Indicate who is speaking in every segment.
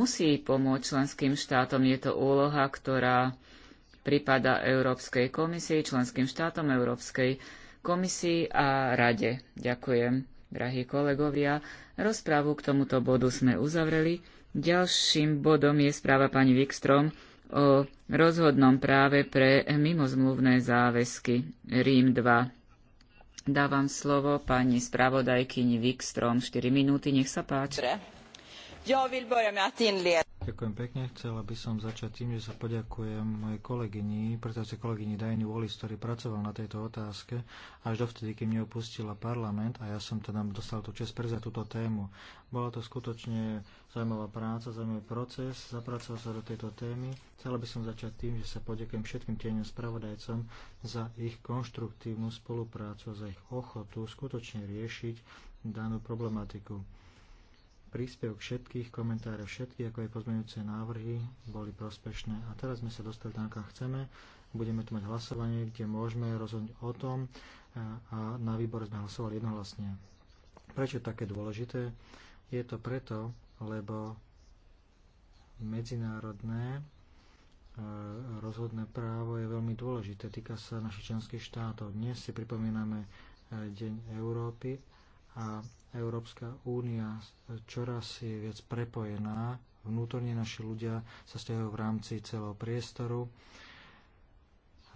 Speaker 1: musí pomôcť členským štátom. Je to úloha, ktorá prípada Európskej komisii, členským štátom Európskej komisii a rade. Ďakujem, drahí kolegovia. Rozprávu k tomuto bodu sme uzavreli. Ďalším bodom je správa pani Wikstrom o rozhodnom práve pre mimozmluvné záväzky Rím 2. Dávam slovo pani spravodajkyni Wikstrom 4 minúty, nech sa páči. Dobre. Ďakujem pekne. Chcela by som začať tým, že sa poďakujem mojej kolegyni,
Speaker 2: pretože kolegyni Dajny Wallis, ktorý pracoval na tejto otázke až dovtedy, kým neopustila parlament a ja som teda dostal tú čest prezať túto tému. Bola to skutočne zaujímavá práca, zaujímavý proces, zapracoval sa do tejto témy. Chcela by som začať tým, že sa poďakujem všetkým tieňom spravodajcom za ich konštruktívnu spoluprácu, za ich ochotu skutočne riešiť danú problematiku príspevok všetkých, komentárov všetky ako aj pozmeňujúce návrhy boli prospešné. A teraz sme sa dostali tam, kam chceme. Budeme tu mať hlasovanie, kde môžeme rozhodnúť o tom a na výbore sme hlasovali jednohlasne. Prečo také dôležité? Je to preto, lebo medzinárodné e, rozhodné právo je veľmi dôležité. Týka sa našich členských štátov. Dnes si pripomíname e, Deň Európy a Európska únia čoraz je viac prepojená. Vnútorne naši ľudia sa stiahujú v rámci celého priestoru.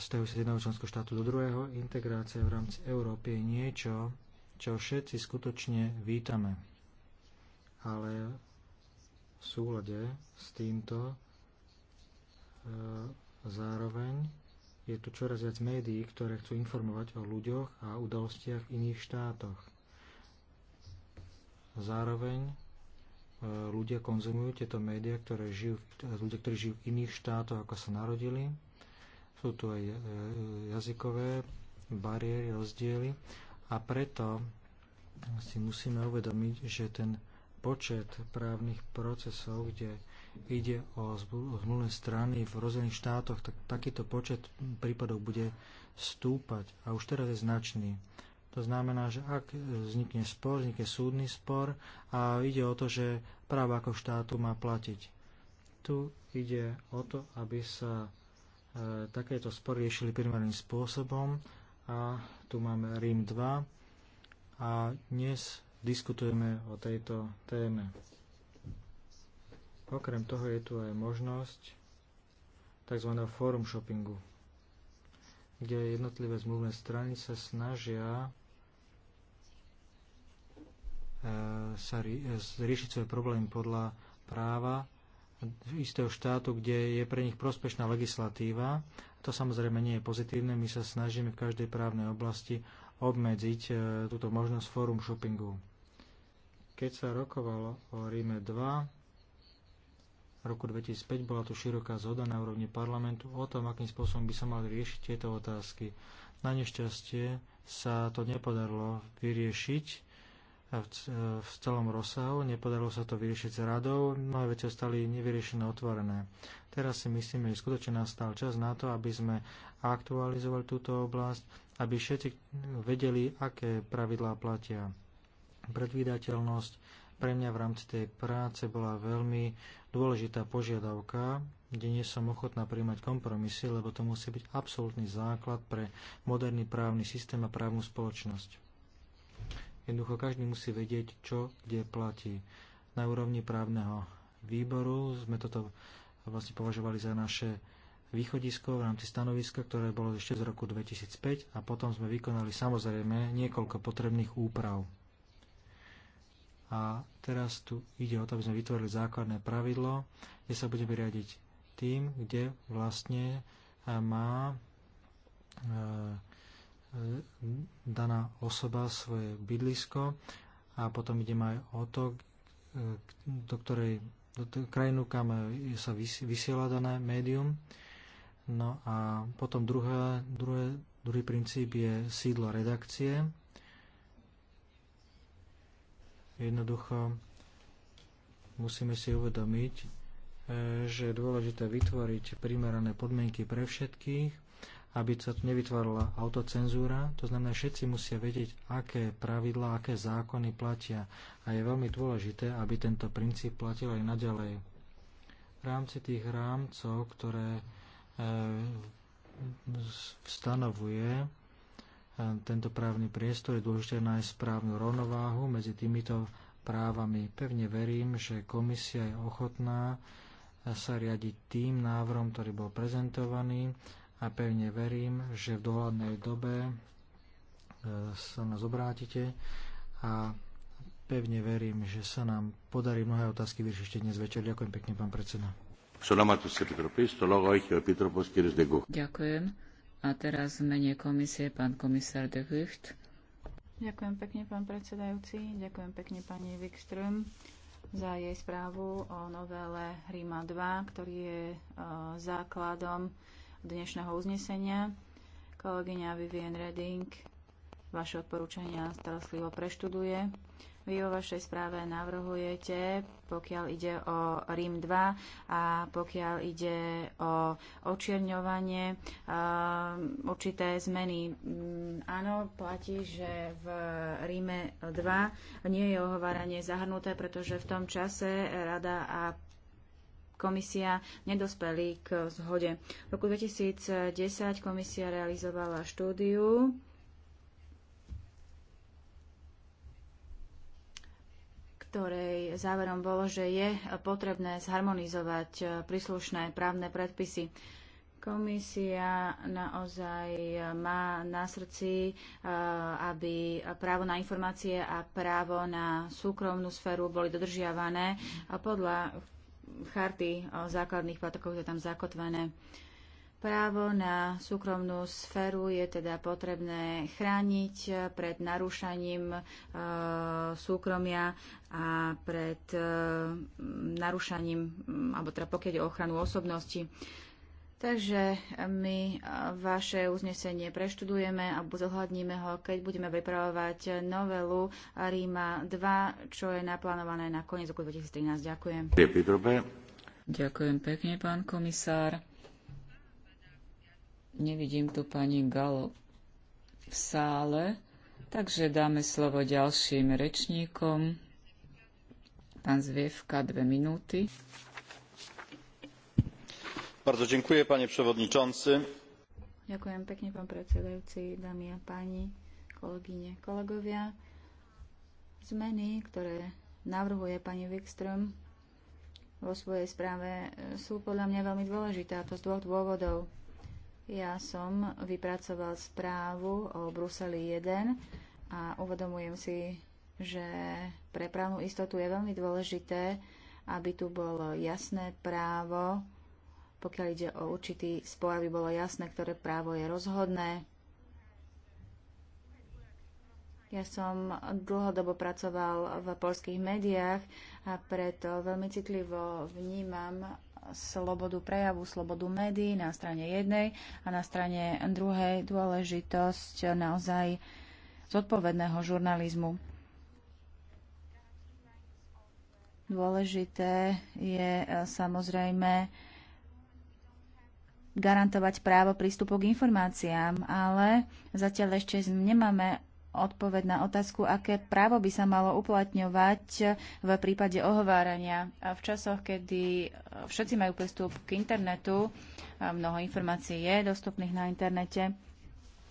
Speaker 2: Stiahujú sa z jedného členského štátu do druhého. Integrácia v rámci Európy je niečo, čo všetci skutočne vítame. Ale v súlade s týmto e, zároveň je tu čoraz viac médií, ktoré chcú informovať o ľuďoch a udalostiach v iných štátoch Zároveň e, ľudia konzumujú tieto médiá, ktoré žijú, e, ľudia, ktorí žijú v iných štátoch, ako sa narodili. Sú tu aj e, jazykové bariéry, rozdiely a preto si musíme uvedomiť, že ten počet právnych procesov, kde ide o zmluvné strany v rozdielných štátoch, tak takýto počet prípadov bude stúpať a už teraz je značný. To znamená, že ak vznikne spor, vznikne súdny spor a ide o to, že právo ako štátu má platiť. Tu ide o to, aby sa e, takéto spory riešili primárnym spôsobom a tu máme Rím 2 a dnes diskutujeme o tejto téme. Okrem toho je tu aj možnosť tzv. forum shoppingu, kde jednotlivé zmluvné strany sa snažia E, sa e, riešiť svoje problémy podľa práva istého štátu, kde je pre nich prospešná legislatíva. To samozrejme nie je pozitívne. My sa snažíme v každej právnej oblasti obmedziť e, túto možnosť fórum shoppingu. Keď sa rokovalo o Ríme 2 roku 2005, bola tu široká zhoda na úrovni parlamentu o tom, akým spôsobom by sa mali riešiť tieto otázky. Na nešťastie sa to nepodarilo vyriešiť v celom rozsahu. Nepodarilo sa to vyriešiť s radou. Mnohé veci ostali nevyriešené otvorené. Teraz si myslíme, že skutočne nastal čas na to, aby sme aktualizovali túto oblasť, aby všetci vedeli, aké pravidlá platia. Predvídateľnosť pre mňa v rámci tej práce bola veľmi dôležitá požiadavka, kde nie som ochotná príjmať kompromisy, lebo to musí byť absolútny základ pre moderný právny systém a právnu spoločnosť. Jednoducho každý musí vedieť, čo kde platí. Na úrovni právneho výboru sme toto vlastne považovali za naše východisko v rámci stanoviska, ktoré bolo ešte z roku 2005 a potom sme vykonali samozrejme niekoľko potrebných úprav. A teraz tu ide o to, aby sme vytvorili základné pravidlo, kde sa budeme riadiť tým, kde vlastne eh, má e, daná osoba svoje bydlisko a potom ide aj o to, e, do ktorej do krajinu, kam sa vysiela dané médium. No a potom druhé, druhé, druhý princíp je sídlo redakcie. Jednoducho musíme si uvedomiť, e, že je dôležité vytvoriť primerané podmienky pre všetkých, aby sa tu nevytvorila autocenzúra. To znamená, všetci musia vedieť, aké pravidlá, aké zákony platia. A je veľmi dôležité, aby tento princíp platil aj naďalej. V rámci tých rámcov, ktoré e, stanovuje e, tento právny priestor, je dôležité nájsť správnu rovnováhu medzi týmito právami. Pevne verím, že komisia je ochotná sa riadiť tým návrhom, ktorý bol prezentovaný a pevne verím, že v dohľadnej dobe e, sa nás obrátite a pevne verím, že sa nám podarí mnohé otázky vyriešiť ešte dnes večer.
Speaker 1: Ďakujem pekne, pán predseda. Ďakujem. A teraz v mene komisie pán komisár de Hucht.
Speaker 3: Ďakujem pekne, pán predsedajúci. Ďakujem pekne, pani Wikström za jej správu o novele Ríma 2, ktorý je e, základom dnešného uznesenia. Kolegyňa Vivien Redding vaše odporúčania starostlivo preštuduje. Vy vo vašej správe navrhujete, pokiaľ ide o Rím 2 a pokiaľ ide o očierňovanie, eh, určité zmeny. Mm, áno, platí, že v Ríme 2 nie je ohováranie zahrnuté, pretože v tom čase Rada a komisia nedospeli k zhode. V roku 2010 komisia realizovala štúdiu ktorej záverom bolo, že je potrebné zharmonizovať príslušné právne predpisy. Komisia naozaj má na srdci, eh, aby právo na informácie a právo na súkromnú sféru boli dodržiavané podľa charty o eh, základných protokoch, je tam zakotvené. Právo na súkromnú sféru je teda potrebné chrániť eh, pred narúšaním eh, súkromia a pred narušaním, narúšaním, mm, alebo teda pokiaľ o ochranu osobnosti. Takže my vaše uznesenie preštudujeme a zohľadníme ho, keď budeme pripravovať novelu Ríma 2, čo je naplánované na koniec roku 2013. Ďakujem.
Speaker 1: Ďakujem pekne, pán komisár. Nevidím tu pani Galo v sále, takže dáme slovo ďalším rečníkom. Pán Zvievka, dve minúty.
Speaker 2: Ďakujem
Speaker 3: pekne, pán predsedajúci, dámy a kolegyne, kolegovia. Zmeny, ktoré navrhuje pani Wikström vo svojej správe, e, sú podľa mňa veľmi dôležité, a to z dvoch dôvodov. Ja som vypracoval správu o Bruseli 1 a uvedomujem si, že pre právnu istotu je veľmi dôležité, aby tu bolo jasné právo pokiaľ ide o určitý spor, aby bolo jasné, ktoré právo je rozhodné. Ja som dlhodobo pracoval v polských médiách a preto veľmi citlivo vnímam slobodu prejavu, slobodu médií na strane jednej a na strane druhej dôležitosť naozaj zodpovedného žurnalizmu. Dôležité je samozrejme garantovať právo prístupu k informáciám, ale zatiaľ ešte nemáme odpoveď na otázku, aké právo by sa malo uplatňovať v prípade ohovárania. A V časoch, kedy e, všetci majú prístup k internetu, e, mnoho informácií je dostupných na internete.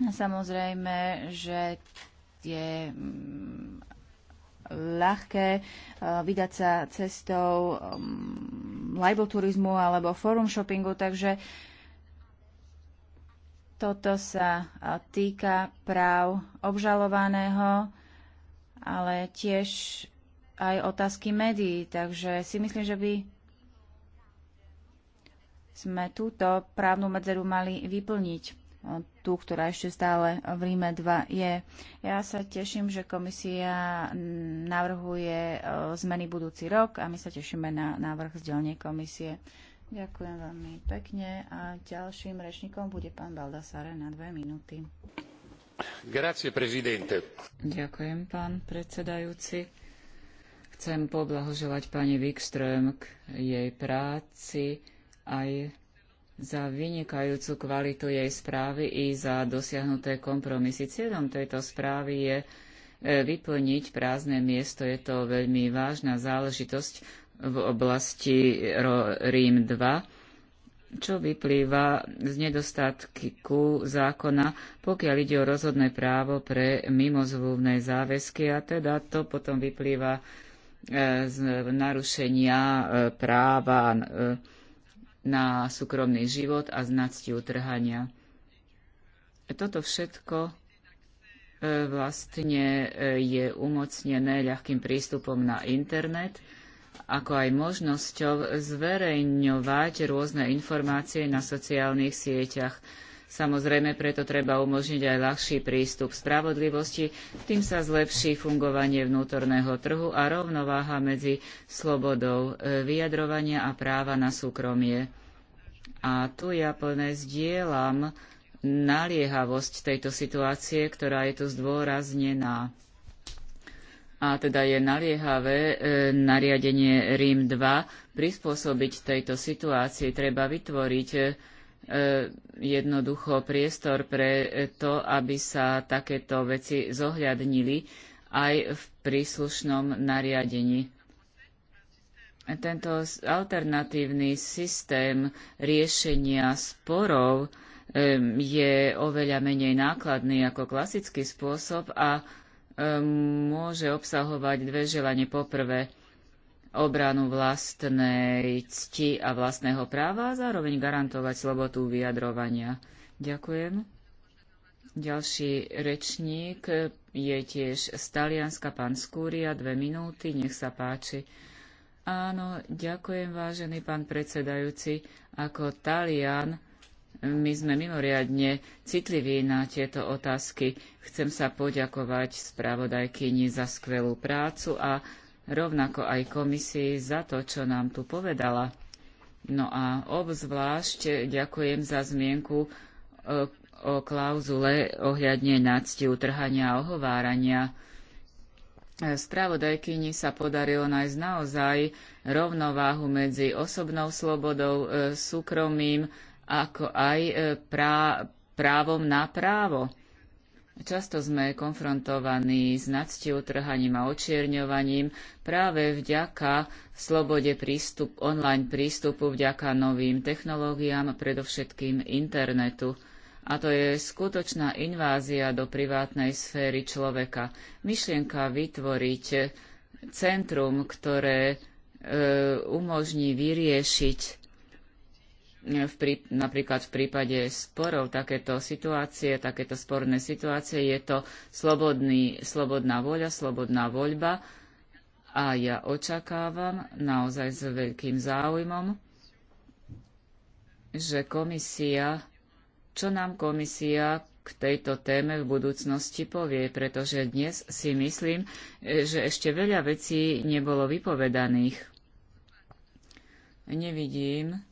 Speaker 3: Samozrejme, že je mm, ľahké e, vydať sa cestou mm, libel turizmu alebo forum shoppingu, takže toto sa týka práv obžalovaného, ale tiež aj otázky médií, takže si myslím, že by sme túto právnu medzeru mali vyplniť tú, ktorá ešte stále v Ríme 2 je. Ja sa teším, že komisia navrhuje zmeny budúci rok a my sa tešíme na návrh z komisie. Ďakujem veľmi pekne a ďalším rečníkom bude pán
Speaker 1: Baldasare na dve minúty. Grazie, prezidente. Ďakujem, pán predsedajúci. Chcem poblahoželať pani Wikström k jej práci aj za vynikajúcu kvalitu jej správy i za dosiahnuté kompromisy. Cieľom tejto správy je e, vyplniť prázdne miesto. Je to veľmi vážna záležitosť, v oblasti Rím 2, čo vyplýva z nedostatku zákona, pokiaľ ide o rozhodné právo pre mimozvlúvne záväzky a teda to potom vyplýva e, z narušenia e, práva e, na súkromný život a z utrhania. Toto všetko vlastne je umocnené ľahkým prístupom na internet ako aj možnosťou zverejňovať rôzne informácie na sociálnych sieťach. Samozrejme, preto treba umožniť aj ľahší prístup spravodlivosti, tým sa zlepší fungovanie vnútorného trhu a rovnováha medzi slobodou e, vyjadrovania a práva na súkromie. A tu ja plne zdieľam naliehavosť tejto situácie, ktorá je tu zdôraznená a teda je naliehavé e, nariadenie Rím 2 prispôsobiť tejto situácii. Treba vytvoriť e, jednoducho priestor pre to, aby sa takéto veci zohľadnili aj v príslušnom nariadení. Tento alternatívny systém riešenia sporov e, je oveľa menej nákladný ako klasický spôsob a môže obsahovať dve želanie. Poprvé, obranu vlastnej cti a vlastného práva a zároveň garantovať slobotu vyjadrovania. Ďakujem. Ďalší rečník je tiež z Talianska, pán Skúria, dve minúty, nech sa páči. Áno, ďakujem, vážený pán predsedajúci. Ako Talian my sme mimoriadne citliví na tieto otázky. Chcem sa poďakovať spravodajkyni za skvelú prácu a rovnako aj komisii za to, čo nám tu povedala. No a obzvlášť ďakujem za zmienku e, o klauzule ohľadne nácti utrhania a ohovárania. Spravodajkyni sa podarilo nájsť naozaj rovnováhu medzi osobnou slobodou, e, súkromím, ako aj e, prá, právom na právo. Často sme konfrontovaní s nadstiou trhaním a očierňovaním práve vďaka slobode prístup, online prístupu, vďaka novým technológiám, predovšetkým internetu. A to je skutočná invázia do privátnej sféry človeka. Myšlienka vytvoriť centrum, ktoré e, umožní vyriešiť v prí, napríklad v prípade sporov takéto situácie, takéto sporné situácie, je to slobodný, slobodná voľa, slobodná voľba a ja očakávam naozaj s veľkým záujmom, že komisia, čo nám komisia k tejto téme v budúcnosti povie, pretože dnes si myslím, že ešte veľa vecí nebolo vypovedaných. Nevidím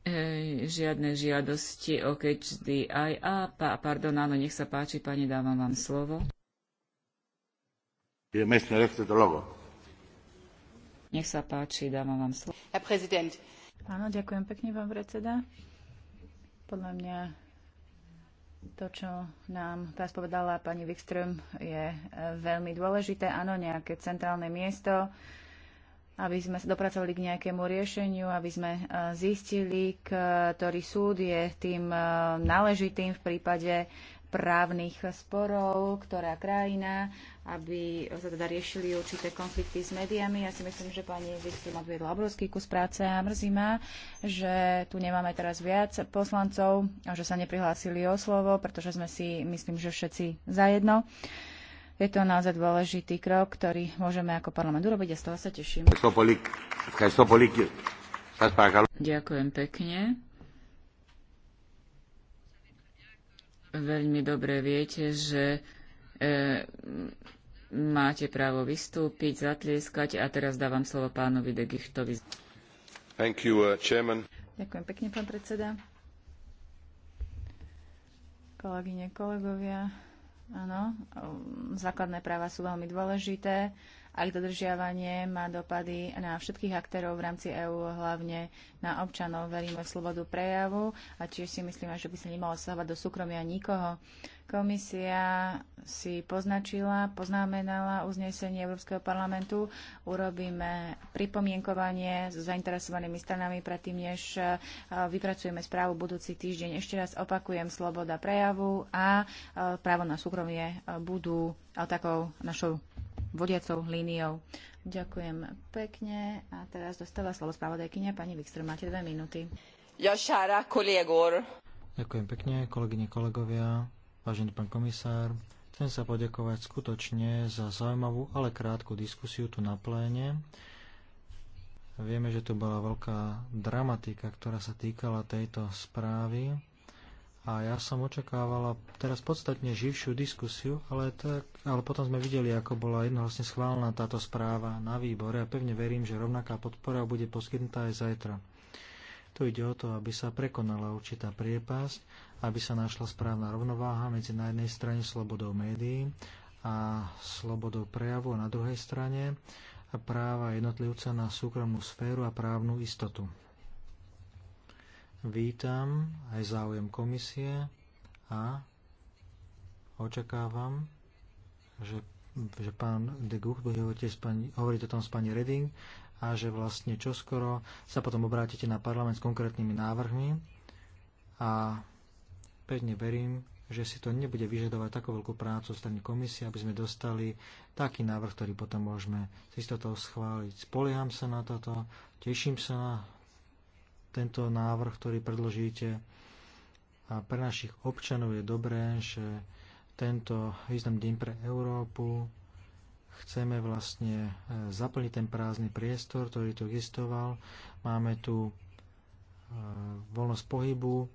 Speaker 1: E, žiadne žiadosti o catch the eye. A, pa, pardon, áno, nech sa páči, pani, dávam vám slovo. Nech sa páči, dávam vám slovo.
Speaker 3: Áno, ďakujem pekne pán predseda. Podľa mňa to, čo nám teraz povedala pani Wikström, je e, veľmi dôležité. Áno, nejaké centrálne miesto, aby sme sa dopracovali k nejakému riešeniu, aby sme e, zistili, ktorý súd je tým e, náležitým v prípade právnych sporov, ktorá krajina, aby sa teda riešili určité konflikty s médiami. Ja si myslím, že pani Wikström odviedla obrovský kus práce a mrzí ma, že tu nemáme teraz viac poslancov a že sa neprihlásili o slovo, pretože sme si, myslím, že všetci zajedno. Je to naozaj dôležitý krok, ktorý môžeme ako parlament urobiť a z toho sa teším.
Speaker 1: Ďakujem pekne. Veľmi dobre viete, že e, máte právo vystúpiť, zatlieskať a teraz dávam slovo pánovi de Gichtovi. Thank you, uh, chairman. Ďakujem pekne,
Speaker 3: pán predseda. Kolegyne, kolegovia. Áno, základné práva sú veľmi dôležité a ich dodržiavanie má dopady na všetkých aktérov v rámci EÚ, hlavne na občanov. Veríme v slobodu prejavu a tiež si myslíme, že by sa nemalo sahovať do súkromia nikoho. Komisia si poznačila, poznamenala uznesenie Európskeho parlamentu. Urobíme pripomienkovanie s zainteresovanými stranami predtým, než e, vypracujeme správu budúci týždeň. Ešte raz opakujem, sloboda prejavu a e, právo na súkromie e, budú takou našou vodiacou líniou. Ďakujem pekne a teraz dostáva slovo spravodajkyňa pani Wikström. Máte dve minúty.
Speaker 1: Jošára, kolegor.
Speaker 2: Ďakujem pekne, kolegyne, kolegovia, vážený pán komisár. Chcem sa poďakovať skutočne za zaujímavú, ale krátku diskusiu tu na pléne. Vieme, že tu bola veľká dramatika, ktorá sa týkala tejto správy a ja som očakávala teraz podstatne živšiu diskusiu, ale, tak, ale potom sme videli, ako bola jednohlasne schválená táto správa na výbore a pevne verím, že rovnaká podpora bude poskytnutá aj zajtra. Tu ide o to, aby sa prekonala určitá priepasť, aby sa našla správna rovnováha medzi na jednej strane slobodou médií a slobodou prejavu a na druhej strane práva jednotlivca na súkromnú sféru a právnu istotu. Vítam aj záujem komisie a očakávam, že, že pán de Gucht bude hovoriť, pani, hovoriť o tom s pani Reding a že vlastne čoskoro sa potom obrátite na parlament s konkrétnymi návrhmi a pevne verím, že si to nebude vyžadovať takú veľkú prácu strany komisie, aby sme dostali taký návrh, ktorý potom môžeme s istotou schváliť. Spolieham sa na toto, teším sa na tento návrh, ktorý predložíte. A pre našich občanov je dobré, že tento význam deň pre Európu chceme vlastne e, zaplniť ten prázdny priestor, ktorý tu existoval. Máme tu e, voľnosť pohybu,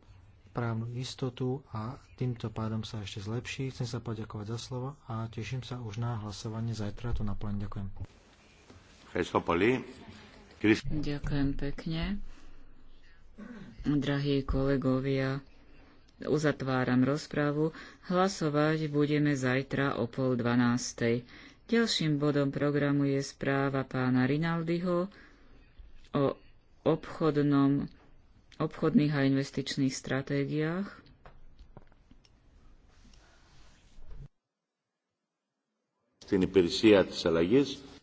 Speaker 2: právnu istotu a týmto pádom sa ešte zlepší. Chcem sa poďakovať za slovo a teším
Speaker 1: sa už na hlasovanie zajtra tu na plen. Ďakujem. Ďakujem pekne. Drahí kolegovia, uzatváram rozpravu. Hlasovať budeme zajtra o pol dvanástej. Ďalším bodom programu je správa pána Rinaldiho o obchodnom, obchodných a investičných stratégiách.
Speaker 2: Στην υπηρεσία της αλλαγής